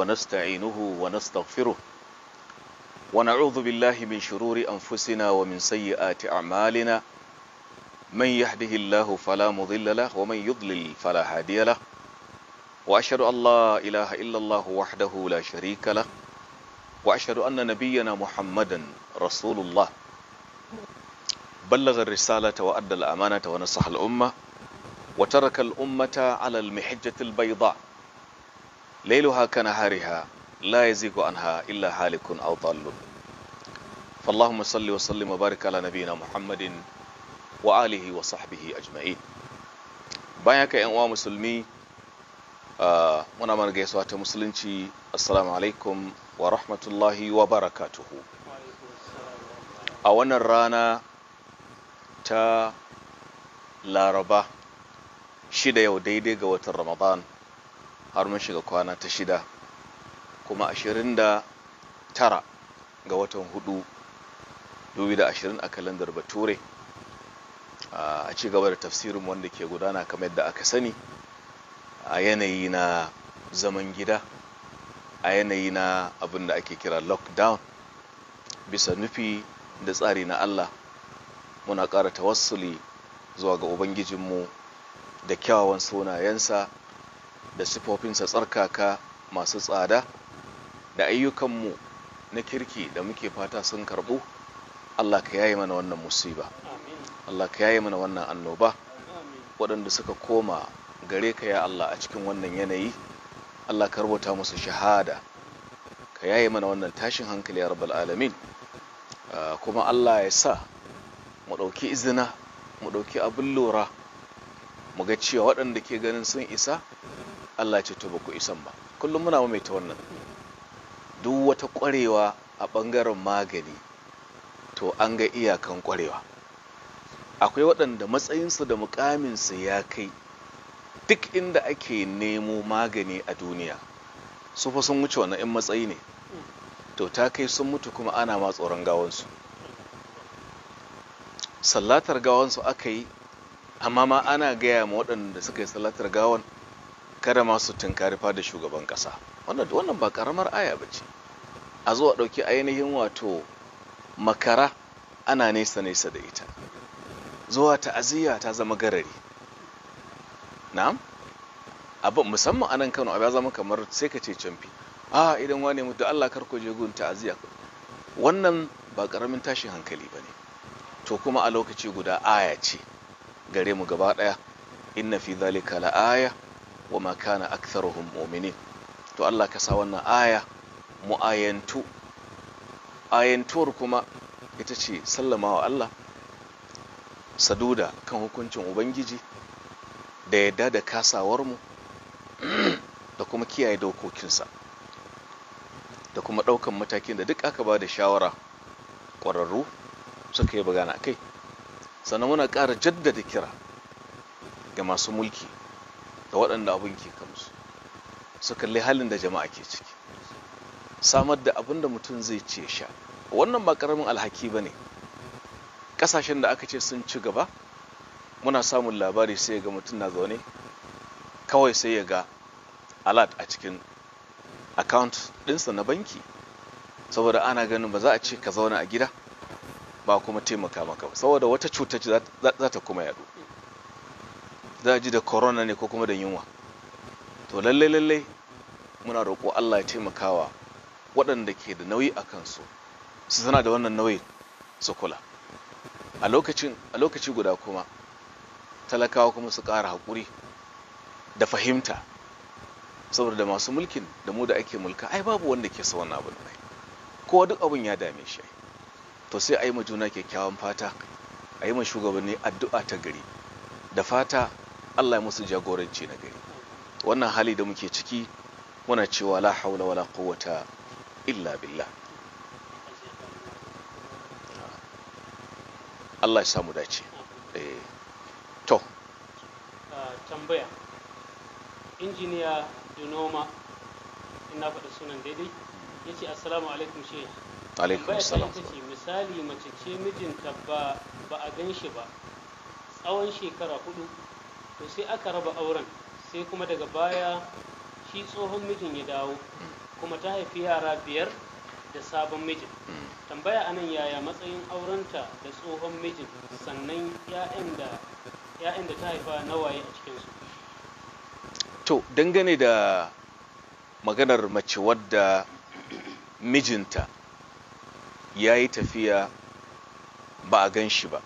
ونستعينه ونستغفره ونعوذ بالله من شرور أنفسنا ومن سيئات أعمالنا من يهده الله فلا مضل له ومن يضلل فلا هادي له وأشهد أن لا إله إلا الله وحده لا شريك له وأشهد أن نبينا محمدا رسول الله بلغ الرسالة وأدى الأمانة ونصح الأمة وترك الأمة على المحجة البيضاء ليلها كنهارها لا يزيغ عنها إلا هالك أو ضال فاللهم صل وسلم وبارك على نبينا محمد وآله وصحبه أجمعين bayan ka yan uwa musulmi muna mana gaisuwa ta musulunci assalamu alaikum wa rahmatullahi wa barakatuhu a wannan rana ta laraba shida yau daidai ga watan ramadan har mun shiga kwana ta shida kuma ashirin da tara ga watan hudu dubi da ashirin a kalandar bature a ci gaba da tafsirin wanda ke gudana kamar yadda aka sani a yanayi na zaman gida a yanayi na abin da ake kira lockdown bisa nufi da tsari na Allah muna ƙara tawassuli zuwa ga Ubangijinmu da kyawawan sunayensa da sifofinsa tsarkaka masu tsada da ayyukanmu na kirki da muke fata sun karbu Allah ka yaye mana wannan musiba Allah ka yaye mana wannan annoba waɗanda suka koma gare ka ya Allah a cikin wannan yanayi Allah ka rubuta musu shahada ka yaye mana wannan tashin hankali ya rabbal alamin ah, kuma Allah ya sa mu ɗauki izina mu ɗauki abin lura mu ga cewa waɗanda ke ganin sun isa Allah ce to ba ku isan ba kullum muna mai ta wannan duk wata ƙwarewa a ɓangaren magani to an ga iyakan ƙwarewa akwai waɗanda matsayinsu da mukaminsu ya kai duk inda ake nemo magani a duniya su fa sun wuce wannan in matsayi ne to ta kai sun mutu kuma ana ma tsoron gawansu sallatar gawansu aka yi amma ma ana gaya ma waɗanda suka yi sallatar gawan kada ma su tunkari fada shugaban kasa wannan ba ƙaramar aya ba ce a zuwa ɗauki ainihin wato makara ana nesa nesa da ita zuwa ta'aziyya ta zama garari na'am abin musamman a nan kano abu ya zama kamar sai ka ce canfi a idan wane mutu allah karko je gun ta'aziyya wannan ba karamin tashin hankali ba ne to kuma a lokaci guda aya ce gare mu gaba ɗaya inna fi zalika la aya wa makana aktharuhum mu'minin to Allah ka sa wannan aya mu ayantuwar kuma ita ce sallama wa Allah saduda kan hukuncin ubangiji da yadda da kasawarmu da kuma kiyaye dokokinsa da kuma ɗaukan matakin da duk aka ba da shawara ƙwararru suka yi bagana kai sannan muna ƙara jaddada kira ga masu mulki da waɗanda abin ke kamsu su kalli halin da jama'a ke ciki samar da abin da mutum zai ce sha wannan ba ƙaramin alhaki ba ne ƙasashen da aka ce sun ci gaba muna samun labari sai ga mutum na zaune kawai sai ya ga alat a cikin account ɗinsa na banki saboda ana ganin ba za a ce ka zauna a gida ba kuma taimaka maka ba saboda wata cuta za ta kuma yaɗu za a ji da korona ne ko kuma da yunwa to lallai lallai muna roƙo Allah ya taimakawa waɗanda ke da nauyi a kansu su zana da wannan nauyi su kula a lokaci guda kuma talakawa kuma su ƙara haƙuri da fahimta saboda masu mulkin da mu da ake mulka ai babu wanda ke sa wannan abin ai kowa duk abin ya dame shi to sai a yi ma juna kyakkyawan fata a yi ma shugabanni addu'a ta gari da fata Allah ya musu jagoranci na gari wannan hali da muke ciki muna cewa la haula wala quwwata illa billah Allah ya samu dace eh. to ah, tambaya injiniya Dunoma ina faɗa sunan daidai yace assalamu alaikum shehi alaikum salam misali mace ce mijinta ba ba a gan shi ba tsawon shekara hudu to sai aka raba auren sai kuma daga baya shi tsohon mijin ya dawo kuma ta haifi yara biyar da sabon mijin tambaya anan yaya matsayin aurenta da tsohon mijin sannan ya'yan da ta haifa nawaye a cikinsu to dangane da maganar mace wadda mijinta ya yi tafiya ba a gan shi ba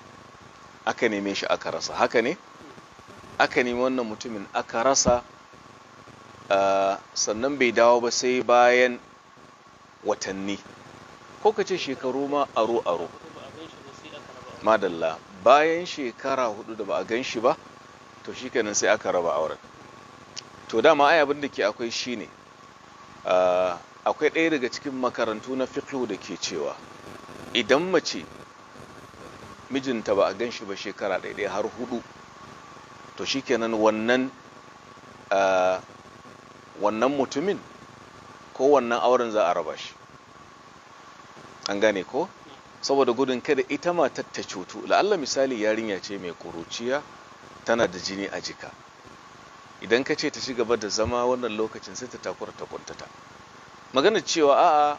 aka neme shi aka rasa haka ne? aka nemi wannan mutumin aka rasa sannan bai dawo ba sai bayan watanni ko ka ce shekaru ma aro-aro madalla bayan shekara hudu da ba a gan shi ba to shi shikenan sai aka raba auren to dama ai abin da ke akwai shi ne. akwai ɗaya daga cikin makarantu na fiqh da ke cewa idan mace mijinta ba a gan shi ba shekara ɗaya har hudu to shi shikenan wannan wannan mutumin ko wannan auren za a raba shi an gane ko saboda gudun kada ita matar ta cutu la'alla misali yarinya ce mai kuruciya tana da jini a jika idan ka ce ta ci gaba da zama wannan lokacin sai ta takura ta kuntata magana cewa a'a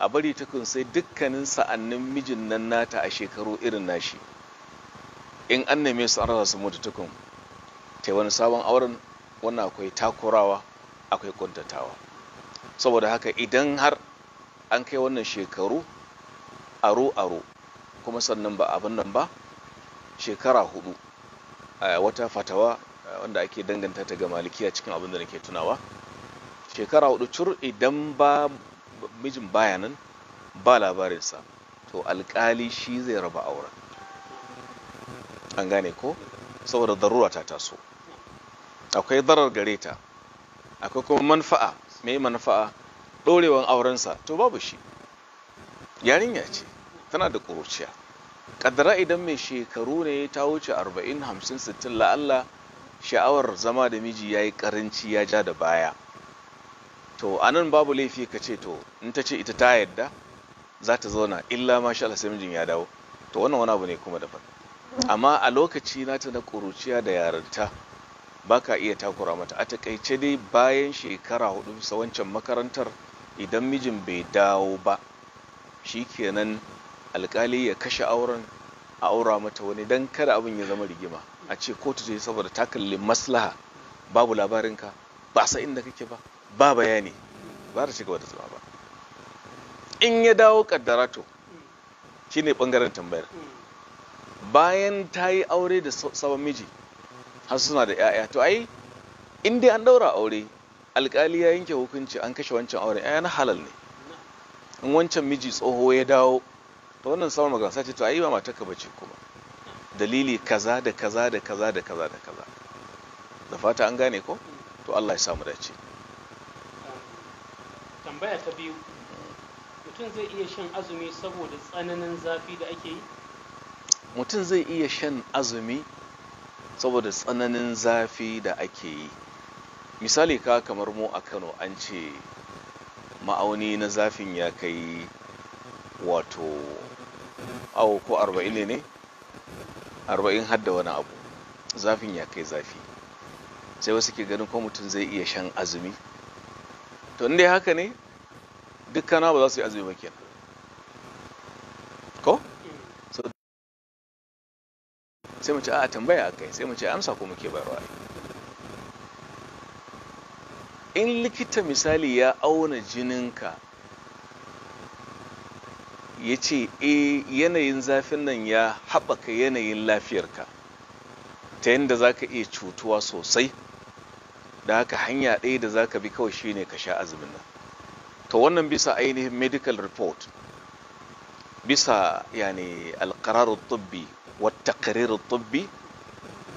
a bari ta sai dukkanin sa'annin mijin nan nata a shekaru irin nashi in an neme su an rasa su mutu tukun ta wani sabon auren wannan akwai takurawa akwai kuntatawa saboda haka idan har an kai wannan shekaru aro-aro kuma sannan ba abin nan ba shekara hudu a wata fatawa wanda ake danganta ta ga malikiya cikin abin da nake tunawa shekara hudu cur idan ba mijin bayanan ba labarinsa to alkali shi zai raba auren an gane ko saboda darura ta taso akwai zarar gare ta akwai kuma manfa'a mai manfa'a ɗorewan aurensa to babu shi yarinya ce tana da ƙuruciya ƙaddara idan mai shekaru ne ta wuce 40 50 60 la'alla sha'awar zama da miji ya yi ƙaranci ya ja da baya to a nan babu laifi ka ce to in ta ce ita ta yadda za ta zauna illa ma Allah sai mijin ya dawo to wannan wani abu ne kuma daban amma a lokaci nata na ƙuruciya da yarinta baka iya takura mata a takaice dai bayan shekara hudu bisa wancan makarantar idan mijin bai dawo ba Shi shikenan alkali ya kashe auren a aura mata wani dan kada abin ya zama rigima a ce kotu zai saboda ta kalli maslaha babu labarinka ba sa inda kake ba ba bayani ba da shiga wata zama ba in ya dawo kaddarato shine bangaren tambayar hmm. bayan ta yi aure da sabon miji har suna da 'ya'ya to ai in dai an daura aure alkali ya yanke hukunci an kashe wancan aure ai na halal ne in wancan miji tsoho ya dawo to wannan samun magasa ce to ai ba matarka bace kuma dalili kaza da kaza da kaza da kaza da kaza da fata an gane ko to Allah ya samu dace tambaya ta biyu mutum zai iya shan azumi saboda tsananin zafi da ake yi mutum zai iya shan azumi saboda tsananin zafi da ake yi misali ka kamar mu a kano an ce ma'auni na zafin ya kai wato awo ko arba'in ne ne arba'in hadda wani abu zafin ya kai zafi sai wasu ke ganin ko mutum zai iya shan azumi to inda haka ne dukkan ba za su yi azumi ba kenan ko sai mu ce a tambaya akai sai mu ce amsa ko muke bayarwa in likita misali ya auna jininka ya ce e yanayin zafin nan ya haɓaka yanayin lafiyarka ta yadda za ka iya cutuwa sosai da haka hanya ɗaya da za ka bi kawai shi ne ka sha azumin nan to wannan bisa ainihin medical report bisa yani alƙararar tubbi wata tubbi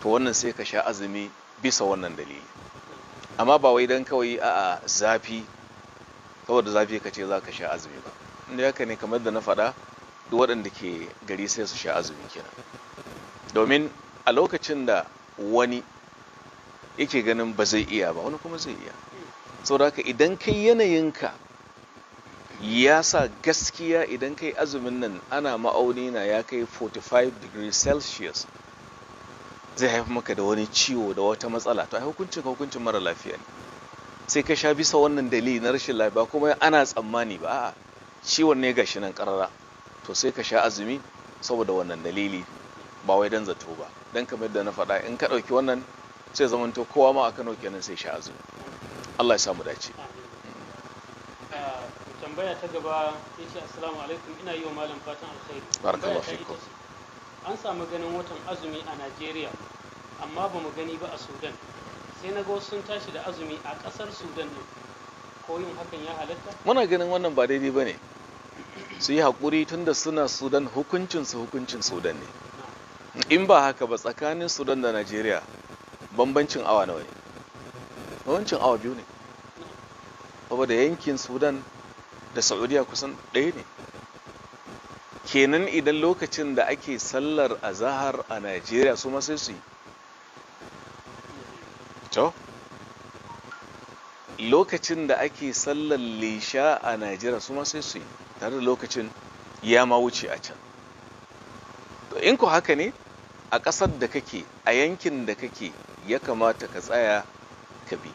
to wannan sai ka sha azumi bisa wannan dalili amma ba wai don kawai a zafi saboda zafi ka ce za ka sha azumi ba inda haka ne kamar da na faɗa duk waɗanda ke gari sai su sha azumi kenan domin a lokacin da wani yake ganin ba zai iya ba wani kuma zai iya da haka idan kai yanayinka ya sa gaskiya idan kai azumin nan ana ma'auni na ya kai 45 degrees celsius zai haifi maka da wani ciwo da wata matsala to ai hukuncin hukuncin mara lafiya ne sai ka sha bisa wannan dalili na rashin lafiya kuma ana tsammani ba a'a ciwon ne gashi nan karara to sai ka sha azumi saboda wannan dalili ba wai dan zato ba dan kamar da na faɗa in ka ɗauki wannan sai zamanto kowa ma a Kano kenan sai sha azumi Allah ya samu dace tambaya ta gaba ya ce assalamu alaikum ina yi wa malam fatan alkhairi barakallahu fikum an samu ganin watan azumi a Najeriya amma ba mu gani ba a Sudan sai na ga sun tashi da azumi a ƙasar Sudan ne ko yin hakan ya halatta muna ganin wannan ba daidai bane su yi haƙuri tunda suna Sudan hukuncin su hukuncin Sudan ne in ba haka ba tsakanin Sudan da Najeriya bambancin awa nawa ne bambancin awa biyu ne saboda yankin Sudan da saudiya kusan ɗaya ne kenan idan lokacin da ake sallar azahar a najeriya su ma sai su yi lokacin da ake sallar lisha a najeriya su ma sai su yi tare da lokacin ya ma wuce a can to in ku haka ne a ƙasar da kake a yankin da kake ya kamata ka tsaya ka bi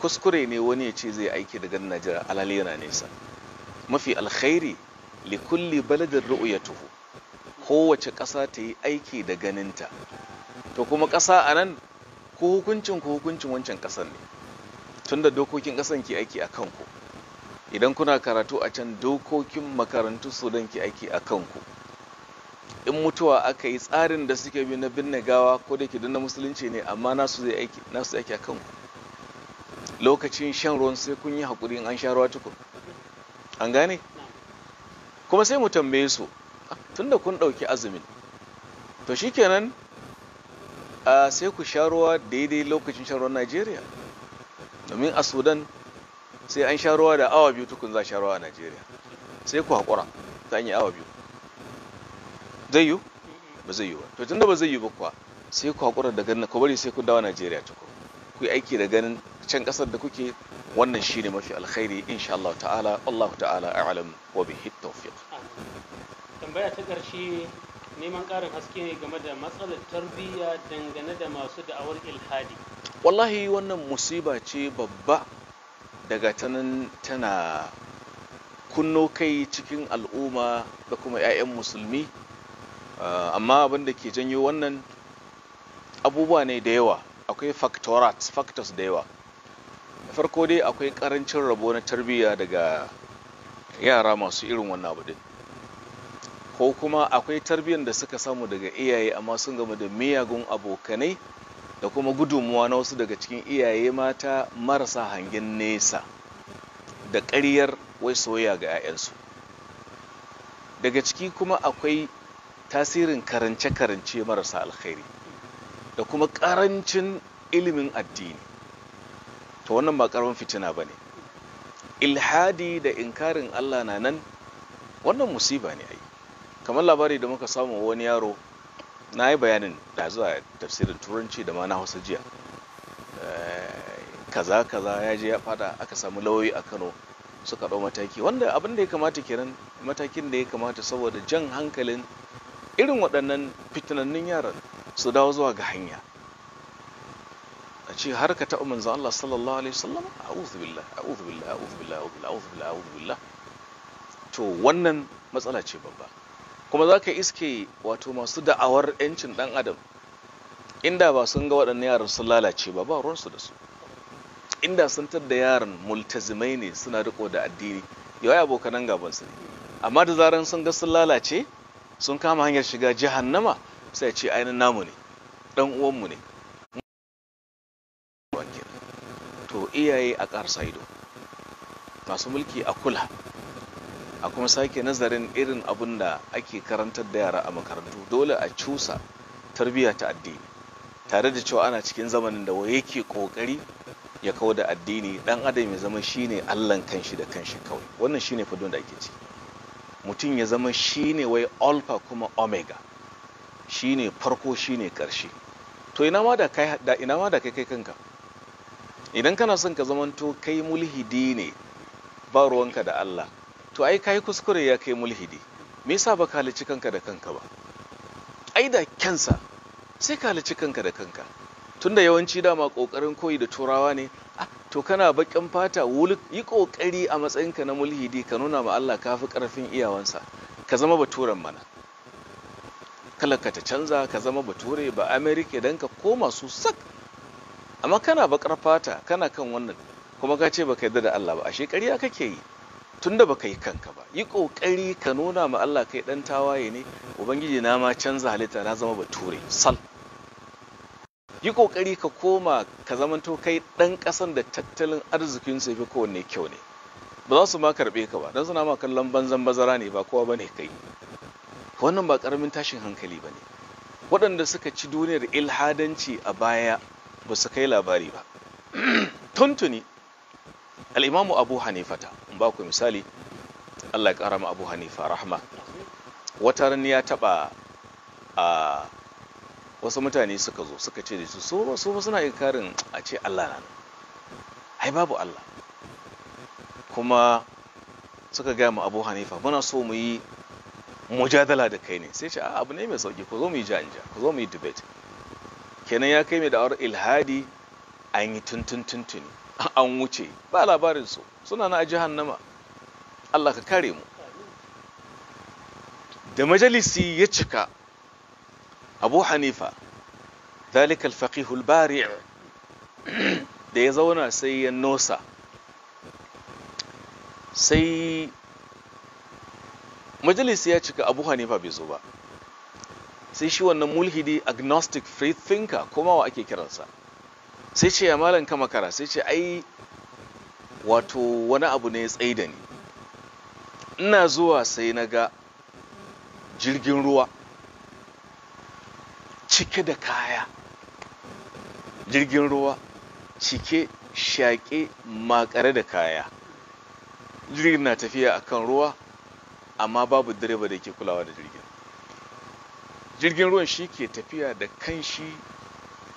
kuskure ne wani ya ce zai aiki daga najeriya alhali yana nesa mafi alkhairi li kulli baladin ru'yatuhu kowace ƙasa ta yi aiki da ganinta to kuma ƙasa a nan ku hukuncin ku hukuncin wancan ƙasar ne tunda dokokin ƙasan ke aiki a kanku idan kuna karatu a can dokokin makarantu sudan ke aiki a kanku in mutuwa aka yi tsarin da suke bi na binne gawa ko da ke na musulunci ne amma nasu zai aiki aiki a kanku lokacin shan ruwan sai kun yi hakuri in an sha ruwa tukun an gane kuma sai mu tambaye su tunda kun ɗauki azumin to shikenan a sai ku sha ruwa daidai lokacin sharuwar najeriya domin a sudan sai an sha ruwa da awa biyu tukun za sha ruwa a najeriya sai ku haƙura ta yi awa biyu zai yiwu ba zai yiwu ba to tunda ba zai yiwu ba kuwa sai ku haƙura da ganin ku bari sai ku dawo najeriya tukun ku yi aiki da ganin can kasar da kuke wannan shine mafi alkhairi insha Allah ta'ala Allah ta'ala a'lam wa bihi tawfiq tambaya ta ƙarshe neman ƙarin haske ne game da matsalar tarbiyya dangane da masu da'awar ilhadi wallahi wannan musiba ce babba daga tanan tana kunno kai cikin al'umma da kuma 'ya'yan musulmi ah, amma abin da ke janyo wannan abubuwa ne da yawa akwai factors da yawa farko dai akwai karancin rabo na tarbiyya daga yara masu irin wannan abu din ko kuma akwai tarbiyyar da suka samu daga iyaye amma sun gama da miyagun abokanai da kuma gudunmuwa na wasu daga cikin iyaye mata marasa hangen nesa da ƙaryar wai soya ga 'ya'yansu daga ciki kuma akwai tasirin karance-karance marasa alkhairi da kuma ƙarancin ilimin addini to wannan ba karamin fitina ba ne ilhadi da inkarin allah na nan wannan musiba ne ai kamar labari da muka samu wani yaro na yi bayanin da zuwa tafsirin turanci da ma na hausa jiya eh, kaza kaza ya je ya fada aka samu lauyoyi a kano suka ɗau mataki wanda abin da ya kamata kiran matakin da ya kamata saboda jan hankalin irin waɗannan fitinannun yaran su dawo zuwa ga hanya a ce har ka taɓa manzan Allah sallallahu alaihi wasallam a'udhu billah a'udhu billah a'udhu billah a'udhu billah a'udhu billah to wannan matsala ce babba kuma za ka iske wato masu da'awar 'yancin ɗan adam inda ba sun ga waɗannan yaran sun lalace ba ba ruwansu da su inda sun tadda yaran multazimai ne suna riko da addini yawai abokanan gaban su ne amma da zaran sun ga sun lalace sun kama hanyar shiga jahannama sai ce ainihin namu ne ɗan uwanmu ne iyaye a ƙarsa ido masu mulki a kula a kuma sake nazarin irin abin da ake karantar da yara a makarantu dole a cusa tarbiyya ta addini tare da cewa ana cikin zamanin da waye ke ƙoƙari ya kawo da addini dan adam ya zama shine allan kanshi da kanshi kawai wannan shine fadon da ake ciki mutum ya zama shine wai alpha kuma omega shine farko shine ƙarshe to ina ma da kai kanka idan kana son ka zamanto kai mulhidi ne ba ruwanka da Allah to ai kai kuskure ya kai mulhidi me yasa ba halici kanka da kanka ba ai da kyansa sai ka kanka da kanka tunda yawanci dama kokarin koyi da turawa ne ah to kana bakin fata yi kokari a matsayinka na mulhidi ka nuna ma Allah kafi karfin iyawansa ka zama baturen mana kala ka ta canza ka zama bature ba amerika dan ka koma su sak amma kana bakar fata kana kan wannan kuma ka ce baka yarda da Allah ba ashe ƙarya kake yi tunda baka yi kanka ba yi kokari ka nuna ma Allah kai dan tawaye ne ubangiji na ma canza halitta na zama bature sal yi kokari ka koma ka zamanto kai dan kasan da tattalin arzikin su fi kowanne kyau ne ba za su ma karbe ka ba dan suna ma kallon banzan bazara ne ba kowa bane kai wannan ba karamin tashin hankali bane waɗanda suka ci duniyar ilhadanci a baya ba su kai labari ba tuntuni al'imamu abu hanifata in ba ku misali allah ya abu hanifa rahma wata rani ya taɓa a wasu mutane suka zo suka ce da su so so suna karin a ce allah na ai babu allah kuma suka gaya mu abu hanifa muna so mu yi mujadala da kai ne sai ce abu ne mai sauki ku zo mu yi ja ja ku zo mu yi debate kenan ya kai mai da'awar ilhadi an yi tuntun tuntuni an wuce ba labarin su suna na jahannama Allah ka kare mu da majalisi ya cika abu hanifa ذلك الفقيه البارع da ya zauna sai ya nosa sai majalisi ya cika abu hanifa bai zo ba sai shi wannan mulhidi agnostic free thinker kuma wa ake kiransa sai ce ya malam kama kara sai ce ai wato wani abu ne ya tsaye da ni ina zuwa sai na ga jirgin ruwa cike da kaya jirgin ruwa cike shaƙe makare da kaya jirgin na tafiya akan ruwa amma babu direba da ke kulawa da jirgin jirgin ruwan shi ke tafiya da kanshi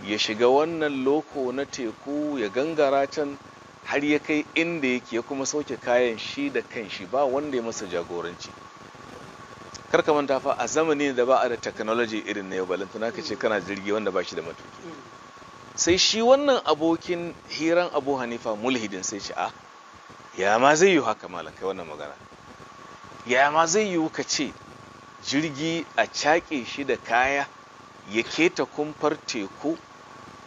ya shiga wannan loko na teku ya gangara can har ya kai inda yake ya kuma sauke kayan shi da kanshi ba wanda ya masa jagoranci karka manta fa a zamani da ba a da technology irin na yau ba, lantana ka ce kana jirgi wanda ba shi da matuki sai shi wannan abokin hiran abu hanifa mulhidin sai shi a ah, ya ma zai yi haka malam wannan magana ya ma zai yi ka ce jirgi a cake shi da kaya ya keta kumfar teku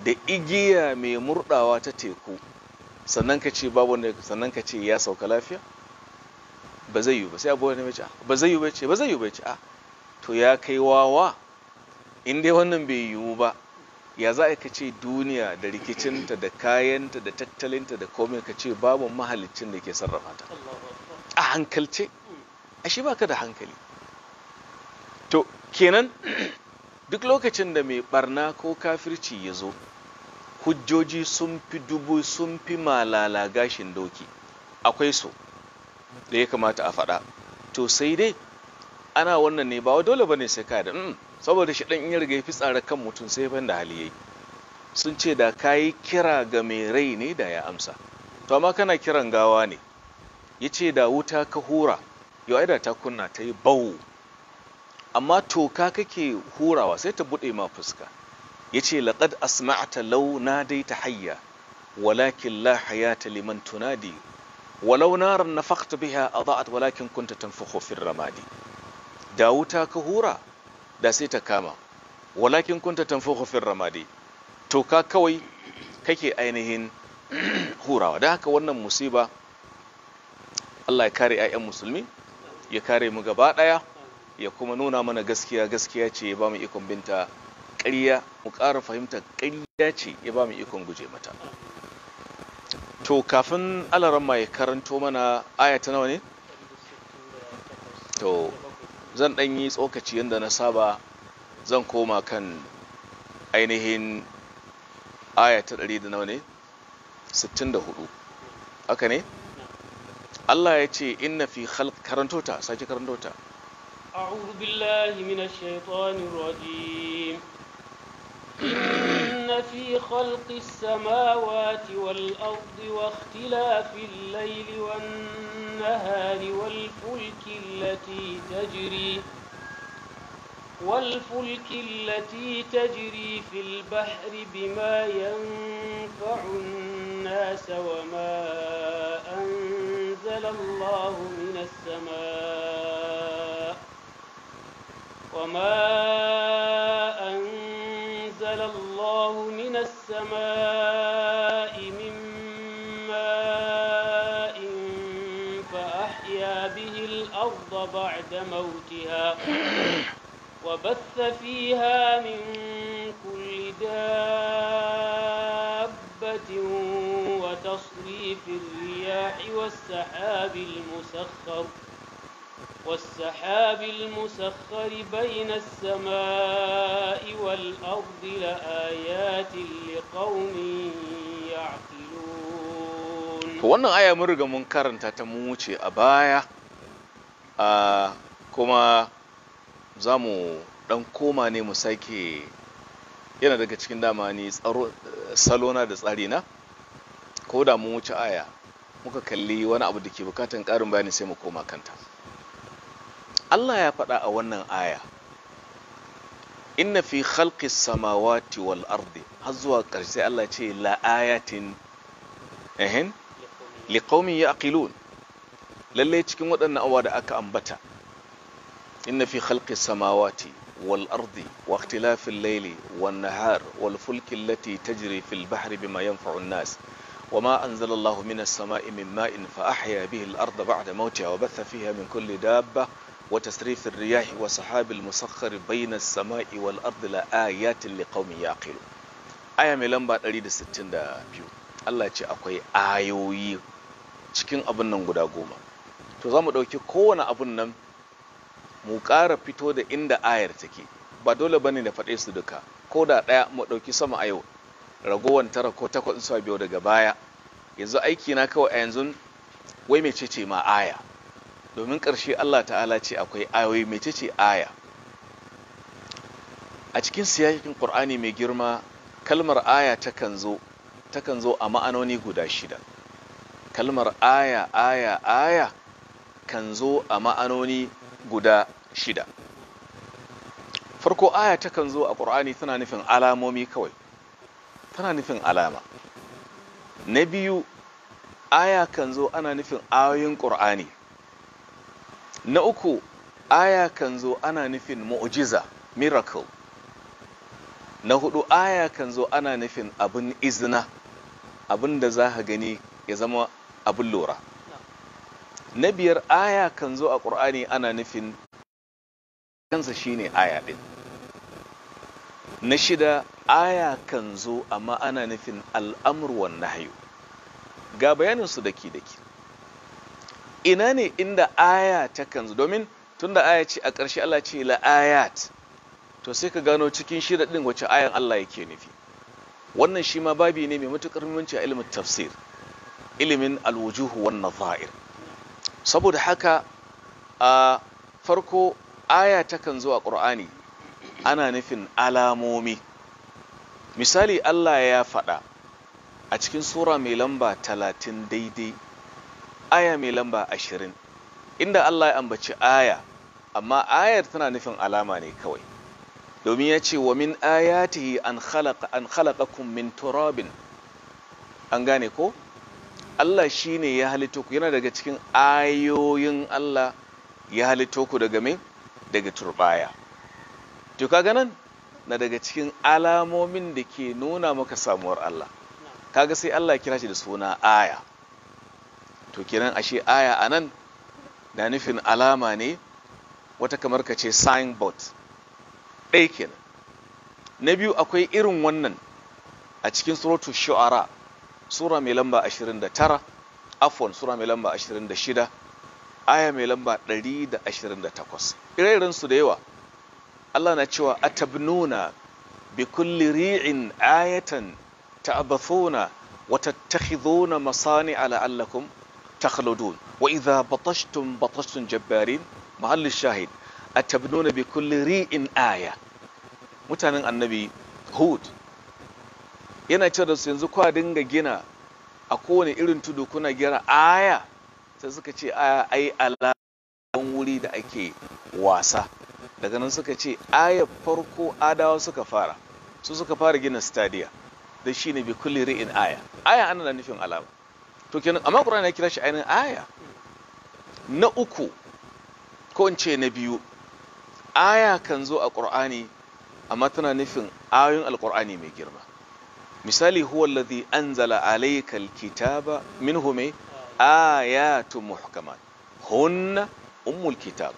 da igiya mai murdawa ta teku sannan ka ce babu wanda sannan ka ce ya sauka lafiya ba zai yi ba sai abuwa ne mai ce ah, ba zai yi ba ce ba zai yi ba ce a ah, to ya kai wawa in dai wannan bai yiwu ba ya za a ce duniya da rikicinta da kayanta da tattalinta da komai ka ce babu mahalicin da ke sarrafa ta a hankalce a shi baka da hankali to kenan duk lokacin da mai barna ko kafirci ya zo hujjoji sun fi dubu sun fi malala gashin doki akwai su da ya kamata a faɗa to sai dai ana wannan ne bawa dole ba ne sai ka da mm, saboda shi ɗan iya riga ya fi tsara kan mutum sai ban da hali yayi sun ce da ka yi kira ga mai rai ne da ya amsa to amma kana kiran gawa ne ya ce da wuta ka hura yau ai ta kunna ta yi bau amma toka kake hurawa sai ta buɗe ma fuska ya ce laƙad asma'ata lau na dai ta hayya walakin la hayata liman tunadi walau na na fakta biha a za'at walakin kunta tanfuhu fin ramadi da wuta ka hura da sai ta kama walakin kunta tanfuhu fin ramadi toka kawai kake ainihin hurawa da haka wannan musiba Allah ya kare 'ya'yan musulmi ya kare mu gaba ɗaya ya kuma nuna mana gaskiya gaskiya ce ya ba mu ikon binta ƙarya mu ƙara fahimta ƙarya ce ya ba mu ikon guje mata to kafin alaran mai karanto mana aya ta nawa ne to zan ɗan yi tsokaci yadda na saba zan koma kan ainihin aya ta ɗari da nawa ne 64 haka ne Allah ya ce inna fi khalq karanto ta sake karanto ta أعوذ بالله من الشيطان الرجيم إن في خلق السماوات والأرض واختلاف الليل والنهار والفلك التي تجري والفلك التي تجري في البحر بما ينفع الناس وما أنزل الله من السماء وما أنزل الله من السماء من ماء فأحيا به الأرض بعد موتها وبث فيها من كل دابة وتصريف الرياح والسحاب المسخر والسحاب المسخر بين السماء والأرض لآيات لقوم يعقلون wannan aya mun riga mun karanta ta mu wuce a baya a kuma za mu dan koma ne mu sake yana daga cikin dama ni tsaro salona da tsari na ko da mun wuce aya muka kalli wani abu da ke bukatan karin bayani sai mu koma kanta Allah ya faɗa a wannan aya inna fi khalqi samawati wal ardi har zuwa ƙarshe Allah ce la ayatin ehin liqaumin yaqilun lalle cikin waɗannan awa da aka ambata inna fi khalqi samawati wal ardi wa ikhtilafil layli wan nahar wal fulki allati tajri fil bahri bima yanfa'u an-nas وما أنزل الله من السماء من ماء فأحيا به الأرض بعد موتها وبث فيها من كل دابة وتصريف الرياح وسحاب المسخر بين السماء والأرض لآيات لقوم يعقلون aya mai lamba 162 Allah ce akwai ayoyi cikin abin nan guda goma to za mu ɗauki kowane abin nan mu ƙara fito da inda ayar take ba dole bane da faɗe su duka ko da ɗaya mu ɗauki sama ayo, yau ragowar tara ko takwas sa biyu daga baya yanzu aiki na kawai a yanzu wai ce ma aya domin ƙarshe Allah ta'ala ce akwai ayoyi mai ce aya a cikin siyakin ƙur'ani mai girma kalmar aya takan zo zo a ma'anoni guda shida kalmar aya aya aya kan zo a ma'anoni guda shida farko aya takan zo a ƙur'ani tana nufin alamomi kawai tana nufin alama na biyu aya kan zo ana nufin ayoyin ƙur'ani na uku aya kan zo ana nufin mu'jiza miracle na hudu aya kan zo ana nufin abin izina abin da za ka gani ya zama abin lura na biyar aya kan zo a ƙur'ani ana nufin kansa shine aya ɗin na shida aya kan zo amma ana nufin al'amurwan nahayu ga bayaninsu daki-daki ina ne inda aya takan kanzu domin tun da aya ce a ƙarshe Allah ce la ayat to sai ka gano cikin shi din wace ayan Allah yake nufi wannan shi ma babi ne mai matuƙar muhimmanci a ilimin tafsir ilimin alwujuhu wan nazair saboda haka a farko aya takan zo a Qur'ani ana nufin alamomi misali Allah ya faɗa a cikin sura mai lamba talatin daidai aya mai lamba ashirin inda Allah ya ambaci aya amma ayar tana nufin alama ne kawai domin ya ce wa min ayatihi an khalaqa an khalaqakum min turabin an gane ko Allah shine ya halitto ku yana daga cikin ayoyin Allah ya halitto ku daga me daga turbaya to kaga nan na daga cikin alamomin da ke nuna maka samuwar Allah kaga sai Allah kira shi da suna aya to kenan ashe aya a nan na nufin alama ne wata kamar ka ce signboard ɗaya kenan na biyu akwai irin wannan a cikin suratu shu'ara sura mai lamba 29 afon sura mai lamba 26 aya mai lamba 128 ire su da yawa Allah na cewa atabnuna bi kulli ri'in ayatan ta'abathuna wa tattakhidhuna masani'a la'allakum تخلدون وإذا بطشتم بطشتم جبارين محل الشاهد أتبنون بكل ريء aya. mutanen annabi hud yana ce da su yanzu kwa dinga gina a kowane irin tudu kuna gira aya sai suka ce aya ai alamun wuri da ake wasa daga nan suka ce aya farko adawa suka fara su suka fara gina stadiya da shi ne bi kulli ri'in aya aya ana da nufin alama to kenan amma qur'ani ya kira shi ainihin aya na uku ko in ce na biyu aya kan zo a qur'ani amma tana nufin ayoyin alqur'ani mai girma misali huwa alladhi anzala alayka alkitaba minhu mai ayatu muhkamat hunna ummul kitab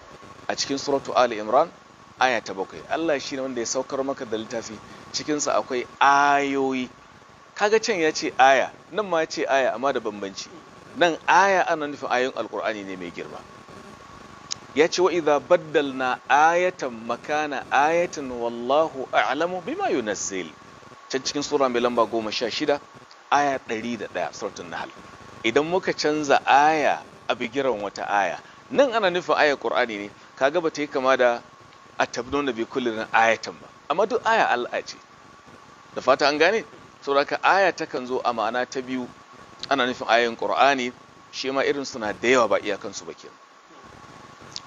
a cikin suratu ali imran aya ta bakwai Allah shi ne wanda ya saukar maka da littafi cikinsa akwai ayoyi kaga can ya ce aya nan ma ya ce aya amma da bambanci nan aya ana nufin ayoyin alkur'ani ne mai girma ya ce wa idza baddalna ayatan makana ayatin wallahu a'lamu bima yunazzil can cikin sura mai lamba goma sha shida aya ɗari da ɗaya suratun nahal idan muka canza aya a bigiran wata aya nan ana nufin aya qur'ani ne kaga ba ta yi kama da a tabnuna bi kullin ayatan ba amma duk aya al'a ce da fata an gane saboda aya takan zo a ma'ana ta biyu ana nufin ayoyin ƙur'ani shi ma irin suna da yawa ba iyakansu ba kenan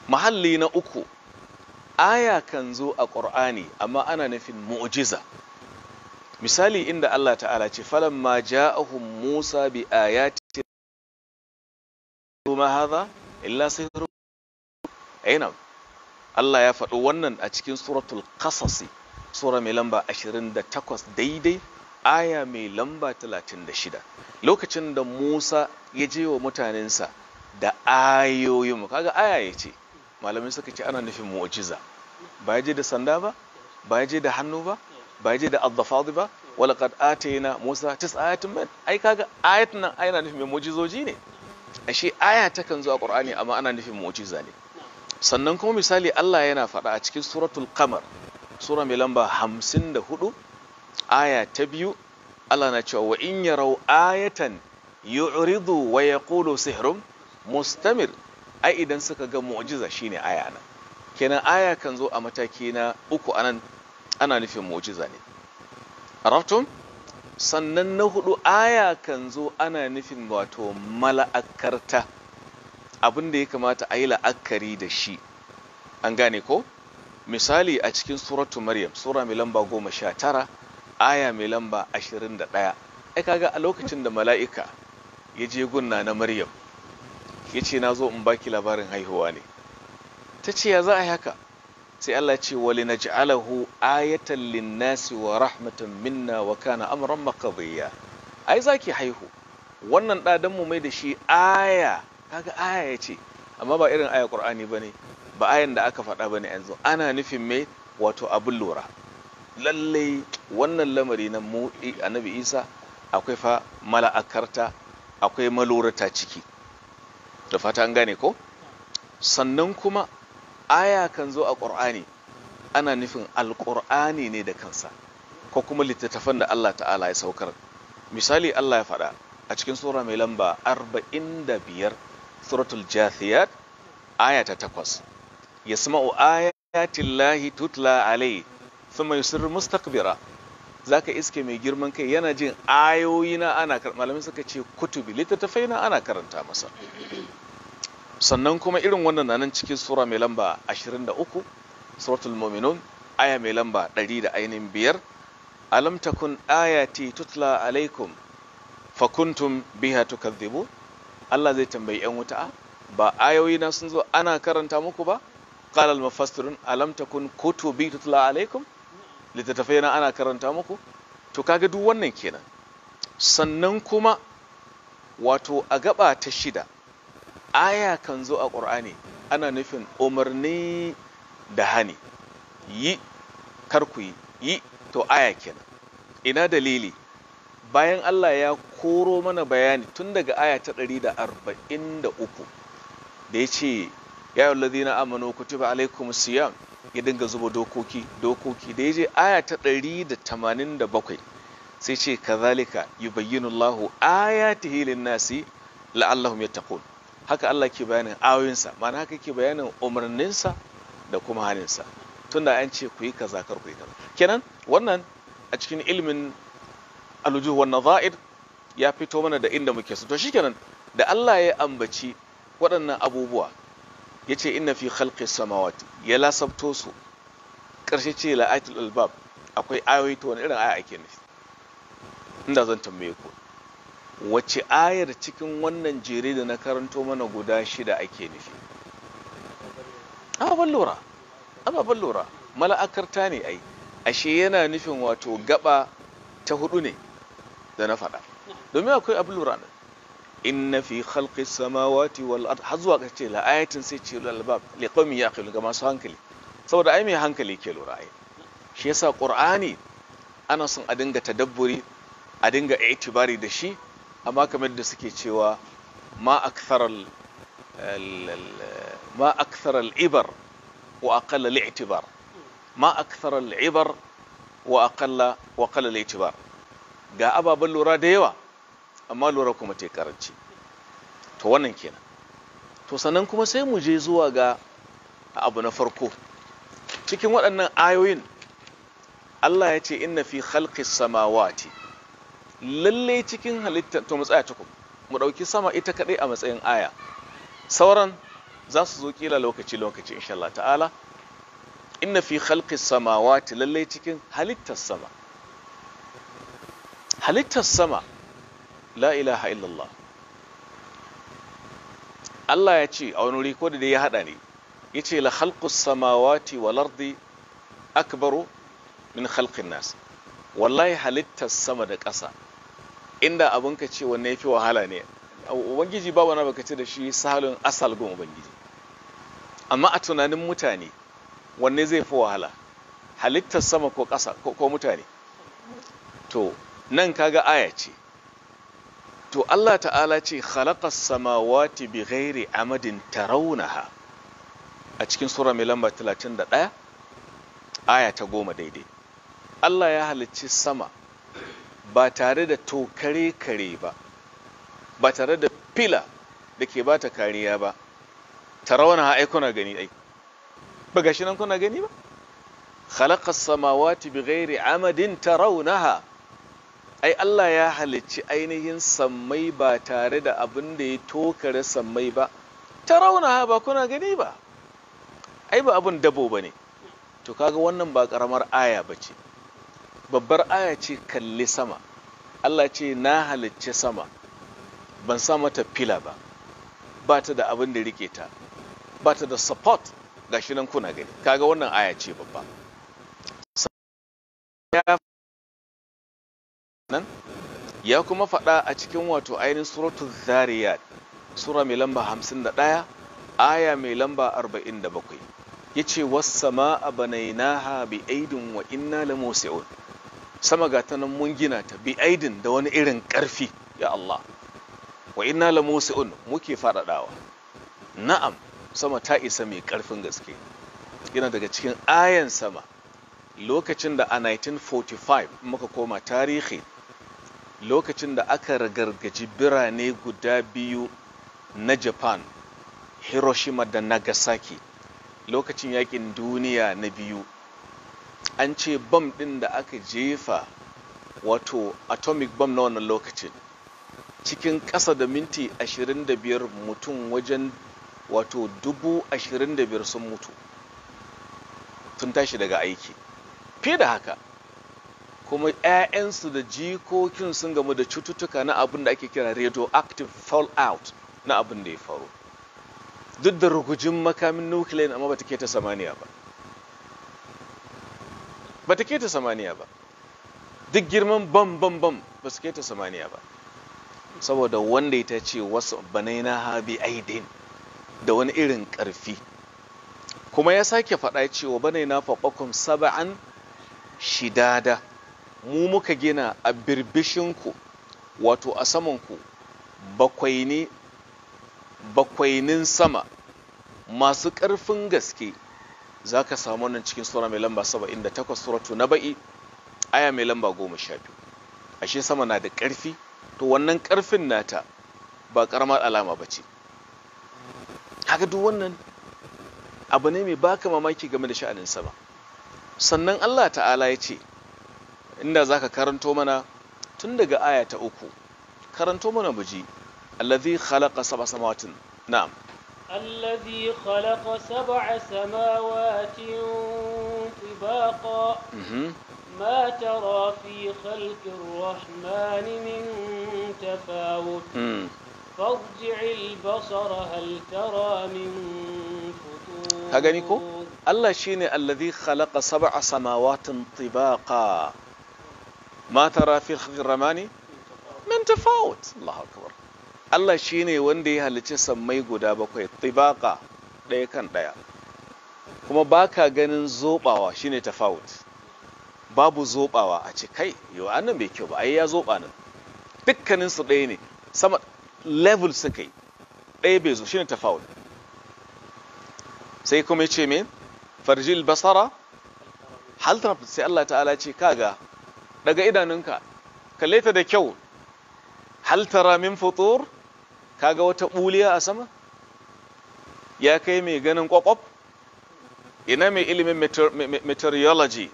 mahalli na uku aya kan zo a ƙur'ani amma ana nufin mu'jiza misali inda Allah ta'ala ce falamma ja'ahum musa bi ayati ma hadha illa sihru aina Allah ya faɗo wannan a cikin suratul qasas sura mai lamba 28 daidai aya mai lamba 36 lokacin da Musa ya je wa mutanensa da ayoyin kaga aya ya ce malamai suka ce ana nufin mu'jiza ba ya je da sanda ba ba ya je da hannu ba ba ya je da addafadi ba wala yi atayna Musa tis ayatin min ai kaga ayat nan ai nufin mai mu'jizoji ne ashe aya takan zo a Qur'ani amma ana nufin mu'jiza ne sannan kuma misali Allah yana faɗa a cikin suratul kamar. sura mai lamba 54 aya ta biyu Allah na cewa wa in yarau ayatan yu'ridu wa yaqulu sihrun mustamir ai idan suka ga mu'jiza shine aya nan kenan aya kan zo a mataki na uku anan ana nufin mu'jiza ne araftum sannan na hudu aya kan zo ana nufin wato mala'akarta abin da ya kamata a yi la'akari da shi an gane ko misali a cikin suratu maryam sura mai lamba goma sha tara aya mai lamba ashirin da 21 ai ga a lokacin da mala'ika ya je gunna na maryam ya ce na zo in baki labarin haihuwa ne ta ce ya za a haka sai Allah ce wali na ji'alahu ayatan linnasi wa rahmatan minna wa kana amran maqdiya ai zaki haihu wannan ɗadan mu mai da shi aya kaga aya ya ce amma ba irin aya ba ne. ba ayan da aka faɗa ba ne yanzu ana nufin me wato abin lura lallai wannan lamari na mu eh, annabi isa akwai fa mala'akarta akwai malorata ciki da fata an gane ko sannan kuma aya kan zo a ƙur'ani ana nufin alƙur'ani ne da kansa ko kuma littattafan da Allah ta'ala ya saukar misali Allah ya faɗa a cikin sura mai lamba 45 suratul jathiyat aya ta ya yasma'u ayatillahi tutla alai thumma yusirru mustakbira zaka iske mai girman kai yana jin ayoyi na ana Malamin suka ce kutubi littattafai na ana karanta masa sannan kuma irin wannan na nan cikin sura mai lamba 23 suratul mu'minun aya mai lamba 100 da ainihin biyar alam takun ayati tutla alaikum fakuntum biha tukadhibu Allah zai tambayi yan wuta ba ayoyi na sun zo ana karanta muku ba qala al-mufassirun alam takun kutubi tutla alaikum littattafai na ana karanta muku to kaga duk wannan kenan sannan kuma wato a gaba ta shida aya kan zo a ƙur'ani ana nufin umarni da hani yi karku yi yi to aya kenan ina dalili bayan Allah ya koro mana bayani tun daga aya ta 143 da ya ce ya yi amanu kutiba alaikum siyam ya dinga zuba dokoki dokoki da ya je aya ta ɗari da 187 sai ce kazalika bayyana Allahu Aya ta hilin nasi la'allahum yattaqun haka Allah ke bayanin ayoyinsa Mana haka ke bayanin umarninsa da kuma haninsa tunda an ce ku yi kaza kar ku yi kaza kenan wannan a cikin ilimin alujuhu wannan nazair ya fito mana da inda muke su to shikenan da Allah ya ambaci waɗannan abubuwa ya ce inna fi khalqi samawati ya lasabto su ƙarshe ce la'atul albab akwai ayoyi ta wani irin aya ake nufi inda zan tambaye ku wacce ayar cikin wannan jere da na karanto mana guda shida ake nufi ababen lura ababen lura mala'akarta ne ai ashe yana nufin wato gaba ta hudu ne da na faɗa domin akwai abin lura inna fi khalqi samawati wal ard har zuwa kace la ayatin sai ce lal bab li qawmi yaqilun ga masu hankali saboda ai mai hankali ke lura ai shi yasa qur'ani ana son a dinga tadabburi a dinga itibari da shi amma kamar da suke cewa ma akthar al ma akthar al ibar wa aqalla al i'tibar ma akthar al ibar wa aqalla wa qalla al i'tibar ga ababen lura da yawa amma lura kuma ta karanci to wannan kenan to sannan kuma sai mu je zuwa ga abu na farko cikin waɗannan ayoyin Allah ya ce inna fi khalqis samawati lalle cikin halitta to mu tsaya cikin mu ɗauki sama ita kaɗai a matsayin aya sauran za su zo kila lokaci lokaci insha Allah ta'ala inna fi khalqis samawati lalle cikin halittar sama halittar sama la ilaha illallah Allah ya ce a wani wuri ko da dai ya haɗa ne ya ce la khalqus samawati wal ardi akbaru min khalqin nas wallahi halittar sama da ƙasa inda abin ka ce wanne yafi wahala ne ubangiji ba wani baka ce da shi sahalun asal gun ubangiji amma a tunanin mutane wanne zai fi wahala halittar sama ko ƙasa ko mutane to nan kaga aya ce to Allah ta'ala ce khalaqas samawati bi ghairi amadin tarawunaha a cikin sura mai lamba 31 aya ta goma daidai Allah ya halicci sama ba tare da tokare kare ba ba tare da fila da ke ba ta kariya ba tarawunaha ai kuna gani ai ba gashi nan kuna gani ba khalaqas samawati bi ghairi amadin tarawunaha ai Allah ya halicci ainihin sammai ba tare da abin da ya tokare sammai ba ta rauna ba kuna gani ba ai ba abin dabo ba ne to kaga wannan ba karamar aya ba ce babbar aya ce kalli sama Allah ce na halicci sama ban sa mata fila ba ba ta da abin da rike ta ba ta da support gashi nan kuna gani kaga wannan aya ce babba nan ya kuma faɗa a cikin wato ainihin suratul Zariya, sura mai lamba 51 aya mai lamba 47 ce was-samaa banaynaha bi aidin wa inna lamusi'un sama ga ta nan mun gina ta bi aidin da wani irin ƙarfi ya Allah wa inna lamusi'un muke faɗaɗawa na'am sama ta isa mai ƙarfin gaske yana daga cikin ayan sama lokacin da a 1945 muka koma tarihi lokacin da aka ragargaji birane guda biyu na japan hiroshima da nagasaki lokacin yakin duniya na biyu an ce bam ɗin da aka jefa wato atomic bam na wannan lokacin cikin ƙasa da minti 25 mutum wajen wato 25 sun mutu tun tashi daga aiki fiye da haka kuma 'ya'yansu da jikokin sun gamu da cututtuka na abin da ake kira radioactive fallout na abin da ya faru duk da rugujin makamin nukiliyan amma ba ke keta samaniya ba ba ke keta samaniya ba duk girman bam bam bam ba su keta samaniya ba saboda wanda ta ce wasu banaina habi aidin da wani irin ƙarfi kuma ya sake faɗa cewa banai na faɓakon saba'an shidada mu muka gina a birbishinku wato a saman samanku ne bakwainin sama masu ƙarfin gaske za ka samu nan cikin sura mai lamba 78 suratu na ba'i aya mai lamba biyu. ashe sama na da ƙarfi to wannan ƙarfin nata ba ƙaramar alama ba ce haka duk wannan abu ne mai baka mamaki game da sha'anin sama sannan allah ta'ala ya ce inda za ka karanto mana tun daga aya ta uku karanto mana buji allazi khalaqa saba samawatin na'am allazi khalaqa saba samawatin tibaqa mhm. ma tara fi khalqi ar-rahman min tafawut hmm. farji'i al hal tara min ka gani ko? Allah shi ne allazi khalaqa saba samawatin tibaqa Mata tara fi ramani min tafawut Allahu akbar Allah shine wanda ya halicci sammai guda bakwai tibaka ɗaya kan ɗaya kuma baka ganin zobawa shine tafawut babu zobawa a ce kai yau annan bai kyau ba ai ya zoba nan dukkanin su ɗaya ne sama level suka yi ɗaya bai zo shine sai kuma yace ce me farjil basara hal sai Allah ta'ala ce kaga daga idanunka kalle ta da kyau hal tara min futur kaga wata buliya a sama ya kai mai ganin kwakwaf ina mai ilimin meteorology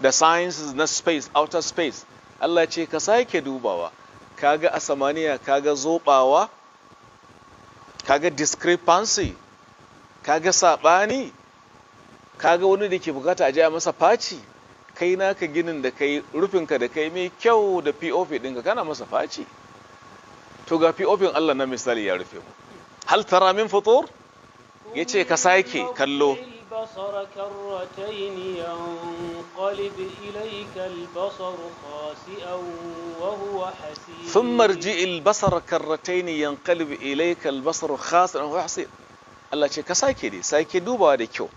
da sciences na space outer space Allah ce ka sake dubawa kaga a samaniya kaga zobawa kaga discrepancy kaga sabani kaga wani da ke bukata a masa faci kai naka ginin da kai rufinka da kai mai kyau da pop ɗinka kana masa faci to ga pop allah na misali ya rufe mu hal tara min fitur ya ce ka sake kallo البصر كرتين albasar إليك البصر خاسئا وهو حسير ثم ارجع البصر كرتين ينقلب إليك البصر خاسئا وهو حسير Allah ce ka sake dai sake dubawa da kyau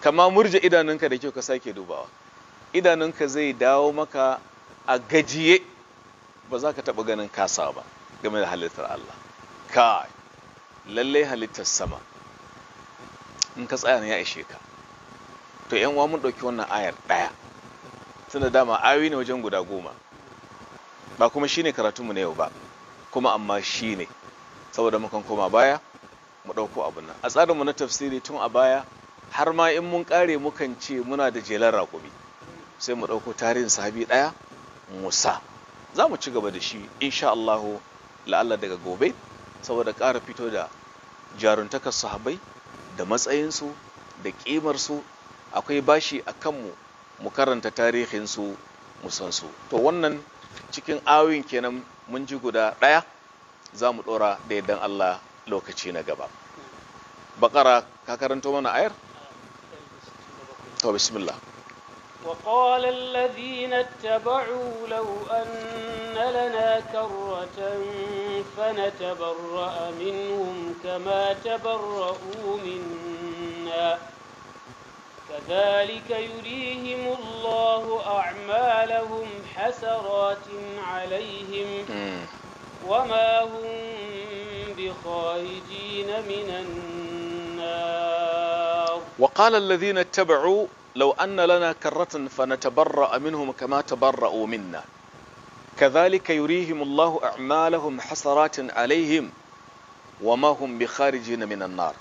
kama murje idanunka da kyau ka sake dubawa idanunka zai dawo maka a gajiye ba za ka taɓa ganin kasa ba game da halittar Allah kai lallai halittar sama in ka tsaya ya ishe ka to yan uwa mun ɗauki wannan ayar ɗaya Tana dama ayoyi ne wajen guda goma ba kuma shi ne karatunmu na yau ba kuma amma shi ne. saboda mukan koma baya mu ɗauko abin nan a tsarinmu na tafsiri tun a baya har ma in mun ƙare mukan ce muna da jelar raƙumi sai mu ɗauko tarihin sahabi ɗaya musa za mu ci gaba da shi insha allahu la'alla daga gobe saboda ƙara fito da jaruntakar sahabai da matsayinsu da ƙimarsu akwai bashi a kanmu mu karanta tarihinsu mu to wannan cikin awin kenan mun ji guda ɗaya za mu ɗora da yardan Allah lokaci na gaba baƙara ka karanto mana ayar to bismillah وقال الذين اتبعوا لو أن لنا كرة فنتبرأ منهم كما تبرؤوا منا كذلك يريهم الله أعمالهم حسرات عليهم وما هم بخارجين من النار وقال الذين اتبعوا لو أن لنا كرة فنتبرأ منهم كما تبرأوا منا كذلك يريهم الله أعمالهم حسرات عليهم وما هم بخارجين من النار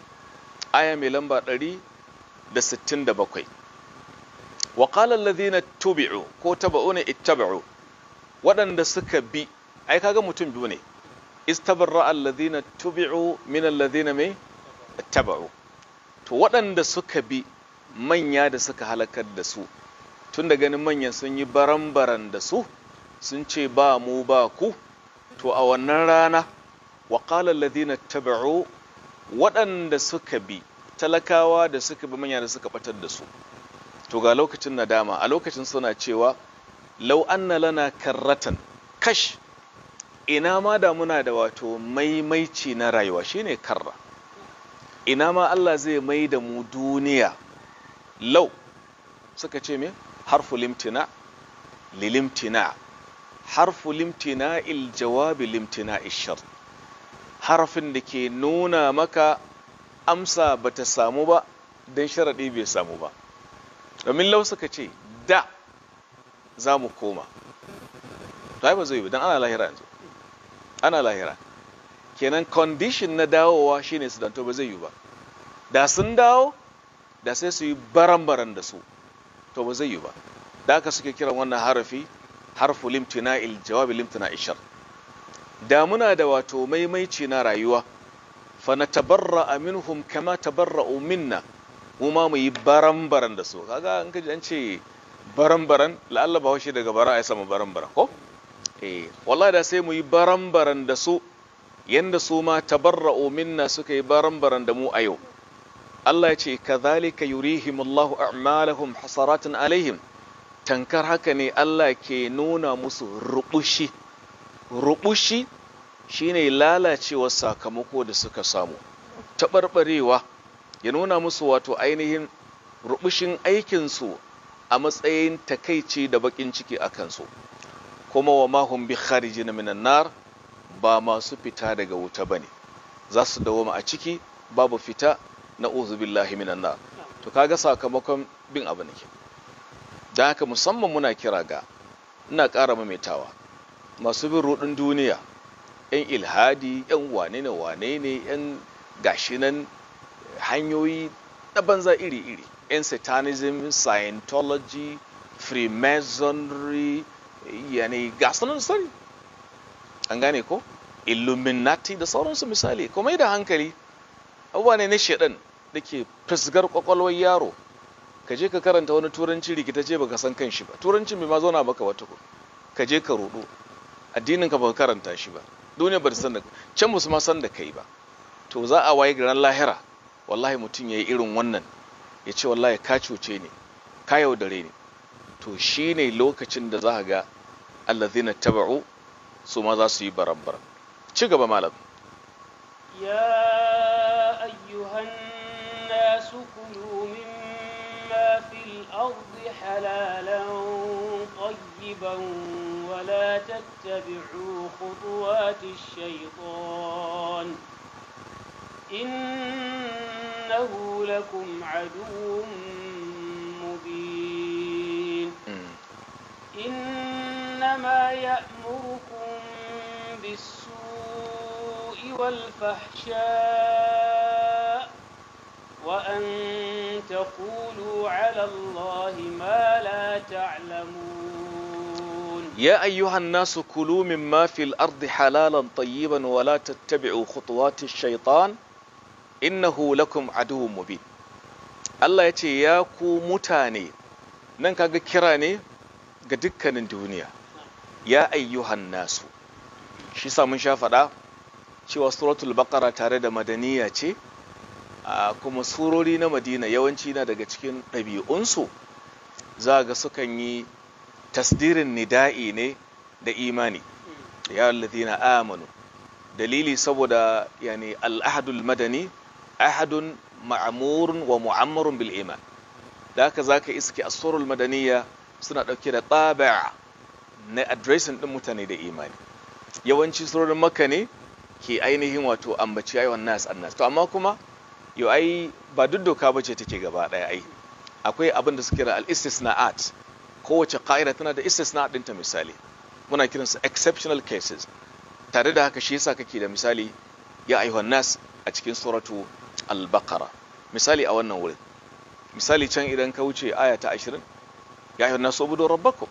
آية ملمبر ري da 67 wa qala alladhina tubi'u ko taba'una ittaba'u waɗanda suka bi ai kaga mutum biyu ne istabarra alladhina tubi'u min alladhina mai ittaba'u to waɗanda suka bi manya da suka halakar da su tun da ganin manyan sun yi baran-baran da su sun ce ba mu ba ku to a wannan rana wa qala ladina taba'u waɗanda suka bi talakawa da suka bi manya da suka batar da su to ga lokacin dama a lokacin suna cewa lau anna lana karratan kash ina ma da muna da wato maimaici na rayuwa shine karra ina ma Allah zai mai da mu duniya lau suka ce mai harfu limtina lilimtina harfu limtina il jawabi limtina ishar harafin da ke nuna maka amsa ba ta samu ba don sharaɗi bai samu ba domin lau suka ce da za mu koma ta ba zai yi don ana lahira yanzu ana lahira kenan condition na dawowa shine su danto ba zai yi ba da sun dawo da sai su yi baran-baran da su to ba zai yi ba da aka suke kiran wannan harafi harfu il jawabi limtina ishar da muna da wato maimaici na rayuwa fa na natabarra minhum kama tabarra minna mu ma mu yi baran-baran da su kaga an kaji an ce baran-baran la'alla ba washe daga bara ya samu baran-baran ko eh wallahi da sai mu yi baran-baran da su yanda su ma tabarra'u minna suka yi baran-baran da mu a yau Allah ya ce yurihim Allahu a'malahum hasaratan alaihim tankar haka ne Allah ke nuna musu rubushi rubushi shine lalacewar sakamako da suka samu taɓarɓarewa ya nuna musu wato ainihin rubushin aikinsu a matsayin takaici da baƙin ciki a kansu kuma wa mahun bi kharijin minan nar ba masu fita daga wuta bane za su dawoma a ciki babu fita na uzubin minan nar to kaga sakamakon bin abu ne da haka musamman muna kira ga ina ƙara mamaitawa masu bin rudin duniya yan ilhadi yan wane ne wane ne yan gashinan hanyoyi na banza iri-iri yan satanism scientology freemasonry yanayi gasanin sani an gane ko illuminati da sauransu misali kuma da hankali abubuwa ne na shaɗan da ke fisgar kwakwalwar yaro ka je ka karanta wani turanci rikitacce baka san kan shi ba turancin bai ma zauna maka wata ko ka je ka rudo addinin ka baka karanta shi ba duniya ba ta san da can musu ma san da kai ba to za a waye garan lahira wallahi mutum ya yi irin wannan ya ce wallahi ka cuce ne ka yaudare ne to shi ne lokacin da za a ga allazina taba'u su ma za su yi barabbar ci gaba malam إنه لكم عدو مبين إنما يأمركم بالسوء والفحشاء وأن تقولوا على الله ما لا تعلمون يا أيها الناس كلوا مما في الأرض حلالا طيبا ولا تتبعوا خطوات الشيطان innahu lakum aduwwun mubin Allah ya ce ya ku mutane nan kaga kira ne ga dukkanin duniya ya ayyuhan nasu shi sa mun sha faɗa cewa suratul baqara tare da madaniya ce a kuma surori na madina yawanci na daga cikin ɗabi'unsu za ga sukan yi tasdirin nida'i ne da imani ya allazina amanu dalili saboda yani al'ahadul madani ahadun ma'amurun wa mu'ammarun bil iman da haka zaka iske asrul madaniya suna dauke da tabi'a na addressing din mutane da imani yawanci surorin makka ne ke ainihin wato ambaci ayyuhan nas annas to amma kuma yau ai ba duk doka bace take gaba daya ai akwai abin da suke kira al-istisna'at kowace ka'ida tana da istisna'at dinta misali muna kiran su exceptional cases tare da haka shi yasa kake da misali ya ayyuhan nas a cikin suratu al-baqara misali a wannan wurin misali can idan ka wuce aya ta 20 ya ayyuhan nasu ubudu rabbako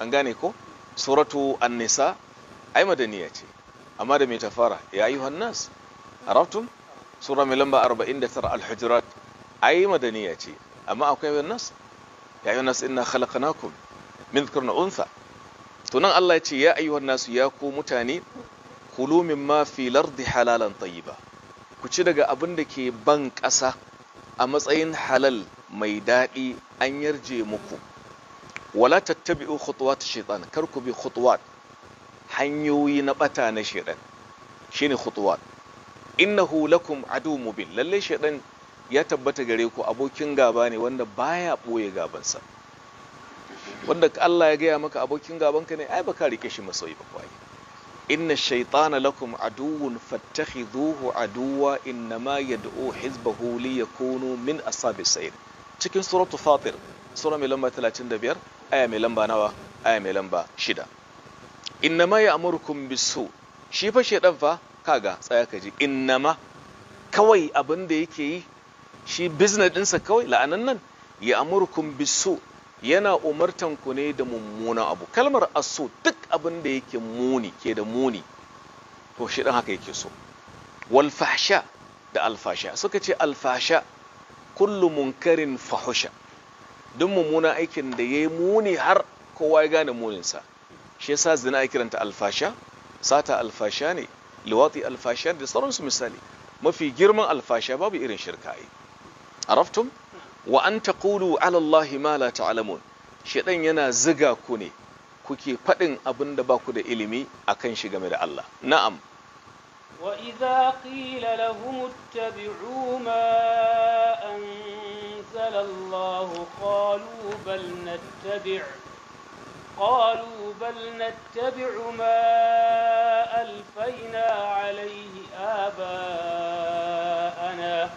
an gane ko suratu an-nisa ai madaniya ce amma da mai tafara ya yi hannas arabtum sura mai lamba 49 al-hujurat ai madaniya ce amma akwai hannas ya yi hannas inna khalaqnakum min dhikrin untha to nan Allah ya ce ya ayyuhan nasu ya ku mutane kulu mimma fi lardi halalan tayyiba ku ci daga abin da ke ban ƙasa a matsayin halal mai daɗi an yarje muku wala tattabi'u khutuwat shaitan kar ku bi khutuwat hanyoyi na bata na shaitan shine khutuwat innahu lakum adu mubin lalle shaitan ya tabbata gare ku abokin gaba ne wanda baya ɓoye gabansa wanda Allah ya gaya maka abokin gabanka ne ai baka rike shi masoyi ba kwai inna shaitana lakum fattahi zuhu aduwa innama huli hizbahu liyakunu min ashabi sa'id cikin suratu fatir sura mai lamba 35 aya mai lamba nawa aya mai lamba 6 innama ya'murukum bisu shi fa shaitan fa kaga tsaya ka ji ma kawai abin da yake yi shi business dinsa kawai la'anan nan ya'murukum bisu yana umartan ku ne da mummuna abu kalmar aso duk abin da yake muni ke da muni to shi dan haka yake so wal da alfasha suka ce alfasha kullu munkarin fahusha duk mummuna aikin da yayi muni har kowa ya gane muninsa shi yasa zina ai kiranta alfasha sata alfasha ne liwati alfasha da sauransu misali mafi girman alfasha babu irin shirka ai araftum wa an taqulu ala allahi ma la yana ziga ku ne kuke faɗin abin da ba ku da ilimi akan shi game da Allah na'am Wa قيل ƙila اتبعوا ما أنزل الله قالوا بل نتبع قالوا بل نتبع ما ألفينا عليه آباءنا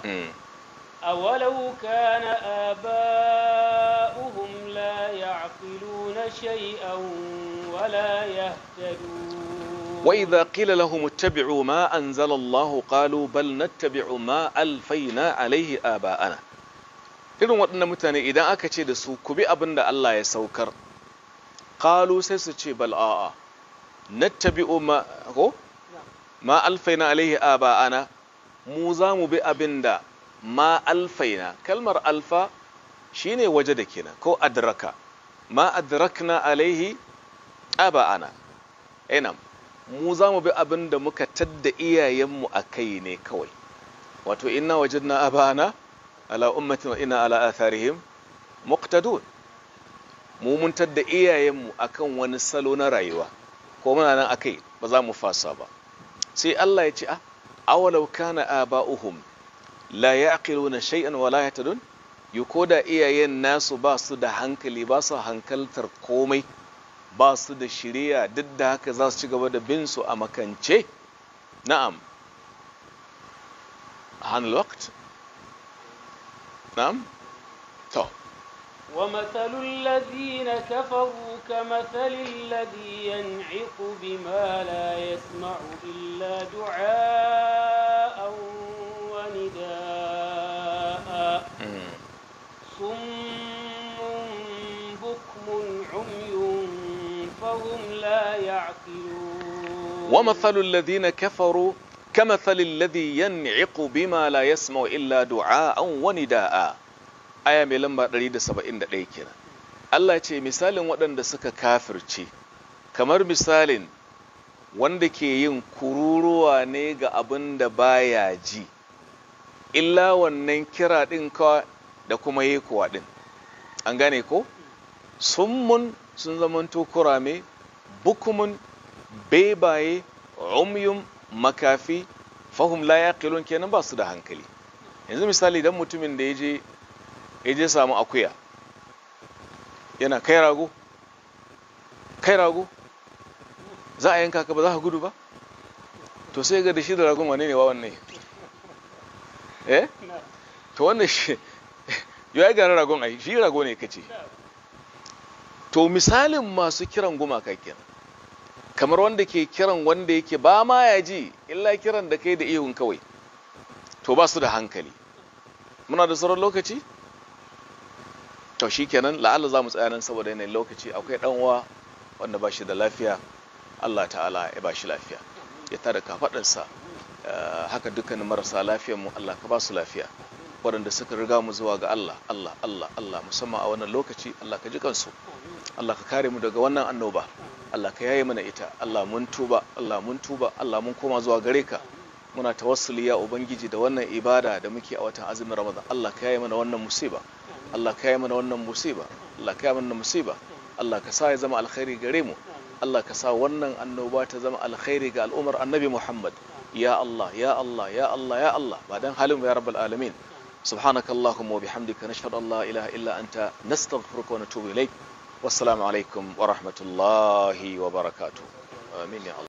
أولو كان آباؤهم لا يعقلون شيئا ولا يهتدون وإذا قيل لهم اتبعوا ما أنزل الله قالوا بل نتبع ما ألفينا عليه آباءنا irin waɗanda mutane idan aka ce da su ku bi abin da Allah ya saukar ƙalu sai su ce bal'a'a nattabi'u ma ko ma alfaina alaihi aba'ana mu za mu bi abin da ma alfaina kalmar alfa shine waje da kenan ko adraka ma adrakna alaihi ana Ina eh mu za mu bi abin da muka tadda iyayenmu a kai ne kawai wato inna wajadna abana ala ummati wa inna ala atharihim muqtadun mu mun tadda iyayenmu akan wani salo na rayuwa ko muna nan akai ba za mu fasa ba sai Allah ya ce a ah, awalau kana aba'uhum la yaqiluna shay'an wa la yahtadun koda iyayen nasu ba su da hankali ba su hankaltar komai ba su da shiriya duk da haka za su ci gaba da bin su a makance na'am عن الوقت نعم تو ومثل الذين كفروا كمثل الذي ينعق بما لا يسمع إلا دعاء جاء صم بكم عمي فهم لا يعقلون ومثل الذين كفروا كمثل الذي ينعق بما لا يسمع إلا aya mai lamba 171 kenan Allah ce misalin waɗanda suka kafirce kamar misalin wanda ke yin kururuwa ne ga abin da baya ji illa wannan kira ɗin kawa da kuma yi kuwa ɗin an gane ko Sun mun sun zamanto kurame bukumun bebaye umyum makafi fahum la kilon kenan ba su da hankali yanzu misali don mutumin da ya je samu akuya yana kai rago kai rago za a yanka ka ba za ka gudu ba to sai ga da shi da ragon wane ne wa wannan eh to wannan shi yau ya gane ragon ai shi rago ne kace to misalin masu kiran gumaka kenan kamar wanda ke kiran wanda yake ba ma ya ji illa kiran da kai da ihun kawai to ba su da hankali muna da sauran lokaci to shi kenan la'alla za mu tsaya nan saboda yanayin lokaci akwai dan uwa wanda ba shi da lafiya Allah ta'ala ya ba shi lafiya ya tada kafaɗarsa Eh, haka dukkanin marasa lafiyar mu Allah ka ba su lafiya waɗanda suka riga mu zuwa ga Allah Allah Allah Allah musamman a wannan lokaci Allah ka ji kansu Allah ka kare mu daga wannan annoba Allah ka yaye mana ita Allah mun tuba Allah mun tuba Allah mun koma zuwa gare ka muna tawassuli ya ubangiji da wannan ibada da muke a watan azumin Ramadan Allah ka yaye mana wannan musiba Allah ka yaye mana wannan musiba Allah ka yaye mana musiba Allah ka sa ya zama alkhairi gare mu Allah ka sa wannan annoba ta zama alkhairi ga al'ummar Annabi Muhammad ya Allah ya Allah ya Allah ya Allah ba dan halin ya rabbal alamin subhanakallahumma wa bihamdika nashhadu an la ilaha illa anta nastaghfiruka wa natubu ilaik wassalamu alaikum wa rahmatullahi wa barakatuh amin ya